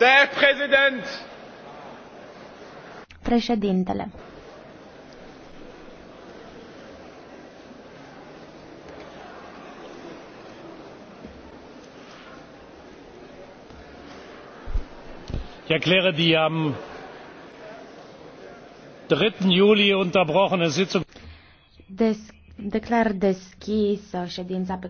Der Präsident! Președintele. Ich erkläre die am 3. Juli unterbrochene Sitzung. Des declar deschisă ședința pe